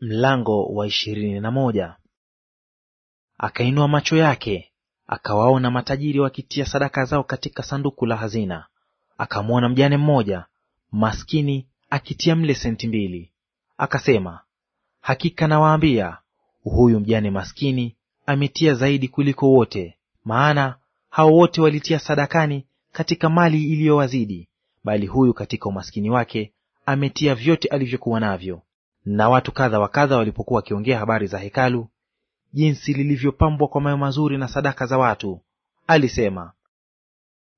Mlango wa ishirini na moja. Akainua macho yake akawaona matajiri wakitia sadaka zao katika sanduku la hazina. Akamwona mjane mmoja maskini akitia mle senti mbili. Akasema, hakika nawaambia, huyu mjane maskini ametia zaidi kuliko wote, maana hao wote walitia sadakani katika mali iliyowazidi, bali huyu katika umaskini wake ametia vyote alivyokuwa navyo na watu kadha wa kadha walipokuwa wakiongea habari za hekalu, jinsi lilivyopambwa kwa mawe mazuri na sadaka za watu, alisema,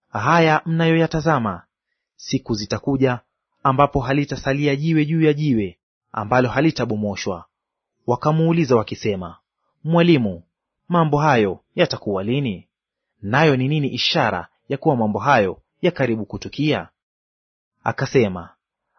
haya mnayoyatazama, siku zitakuja ambapo halitasalia jiwe juu ya jiwe ambalo halitabomoshwa. Wakamuuliza wakisema, Mwalimu, mambo hayo yatakuwa lini? Nayo ni nini ishara ya kuwa mambo hayo ya karibu kutukia? Akasema,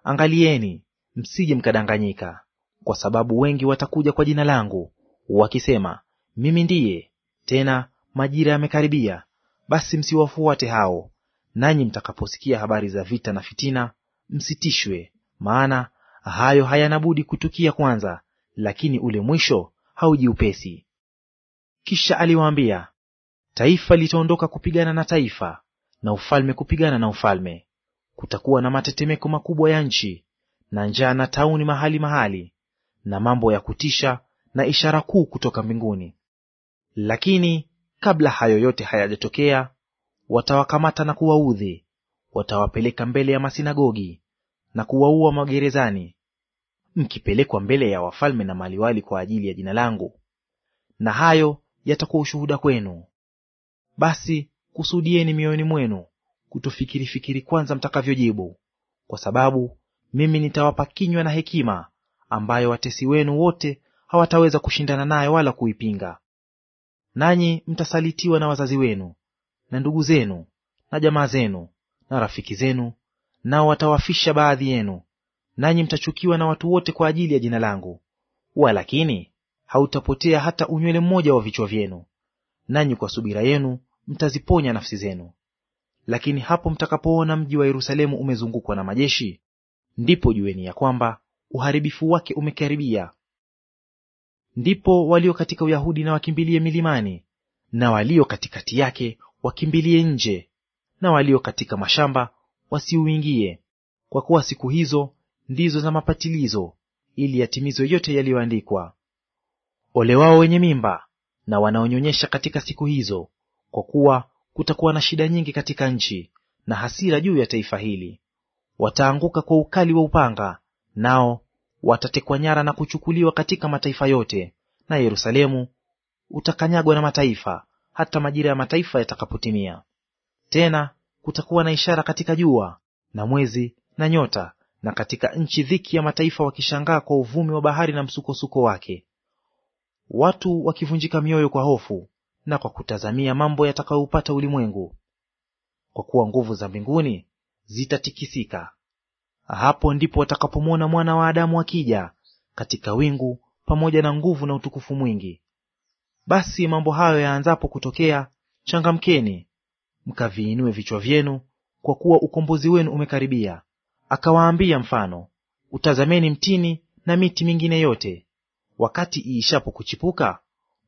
angalieni msije mkadanganyika, kwa sababu wengi watakuja kwa jina langu wakisema, mimi ndiye; tena majira yamekaribia. Basi msiwafuate hao. Nanyi mtakaposikia habari za vita na fitina, msitishwe, maana hayo hayana budi kutukia kwanza, lakini ule mwisho hauji upesi. Kisha aliwaambia, taifa litaondoka kupigana na taifa, na ufalme kupigana na ufalme. Kutakuwa na matetemeko makubwa ya nchi, na njaa na tauni mahali mahali, na mambo ya kutisha na ishara kuu kutoka mbinguni. Lakini kabla hayo yote hayajatokea, watawakamata na kuwaudhi, watawapeleka mbele ya masinagogi na kuwaua magerezani, mkipelekwa mbele ya wafalme na maliwali kwa ajili ya jina langu, na hayo yatakuwa ushuhuda kwenu. Basi kusudieni mioyoni mwenu kutofikirifikiri kwanza mtakavyojibu, kwa sababu mimi nitawapa kinywa na hekima ambayo watesi wenu wote hawataweza kushindana naye wala kuipinga. Nanyi mtasalitiwa na wazazi wenu na ndugu zenu na jamaa zenu na rafiki zenu, nao watawafisha baadhi yenu, nanyi mtachukiwa na watu wote kwa ajili ya jina langu. Walakini hautapotea hata unywele mmoja wa vichwa vyenu, nanyi kwa subira yenu mtaziponya nafsi zenu. Lakini hapo mtakapoona mji wa Yerusalemu umezungukwa na majeshi, ndipo jueni ya kwamba uharibifu wake umekaribia. Ndipo walio katika Uyahudi na wakimbilie milimani, na walio katikati yake wakimbilie nje, na walio katika mashamba wasiuingie, kwa kuwa siku hizo ndizo za mapatilizo, ili yatimizwe yote yaliyoandikwa. Ole wao wenye mimba na wanaonyonyesha katika siku hizo, kwa kuwa kutakuwa na shida nyingi katika nchi, na hasira juu ya taifa hili. Wataanguka kwa ukali wa upanga, nao watatekwa nyara na kuchukuliwa katika mataifa yote, na Yerusalemu utakanyagwa na mataifa hata majira ya mataifa yatakapotimia. Tena kutakuwa na ishara katika jua na mwezi na nyota, na katika nchi dhiki ya mataifa, wakishangaa kwa uvumi wa bahari na msukosuko wake, watu wakivunjika mioyo kwa hofu na kwa kutazamia mambo yatakayoupata ulimwengu, kwa kuwa nguvu za mbinguni zitatikisika. Hapo ndipo watakapomwona mwana wa Adamu akija katika wingu pamoja na nguvu na utukufu mwingi. Basi mambo hayo yaanzapo kutokea, changamkeni mkaviinue vichwa vyenu, kwa kuwa ukombozi wenu umekaribia. Akawaambia mfano, utazameni mtini na miti mingine yote, wakati iishapo kuchipuka,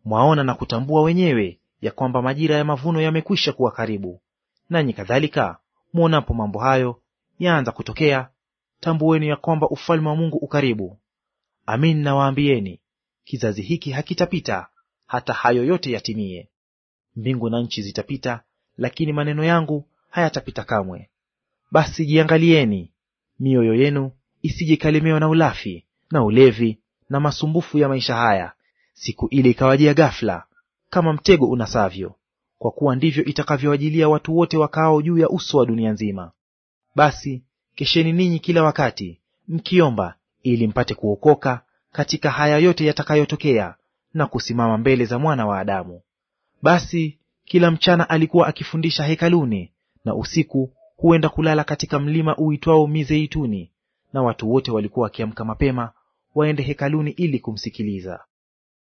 mwaona na kutambua wenyewe ya kwamba majira ya mavuno yamekwisha kuwa karibu. Nanyi kadhalika, mwonapo mambo hayo yaanza kutokea, tambueni ya kwamba ufalme wa Mungu ukaribu. Amin nawaambieni, kizazi hiki hakitapita hata hayo yote yatimie. Mbingu na nchi zitapita, lakini maneno yangu hayatapita kamwe. Basi jiangalieni mioyo yenu isijekalemewa na ulafi na ulevi na masumbufu ya maisha haya, siku ile ikawajia ghafla, kama mtego unasavyo, kwa kuwa ndivyo itakavyowajilia watu wote wakaao juu ya uso wa dunia nzima. Basi kesheni ninyi kila wakati mkiomba, ili mpate kuokoka katika haya yote yatakayotokea na kusimama mbele za mwana wa Adamu. Basi kila mchana alikuwa akifundisha hekaluni, na usiku huenda kulala katika mlima uitwao Mizeituni, na watu wote walikuwa wakiamka mapema waende hekaluni ili kumsikiliza.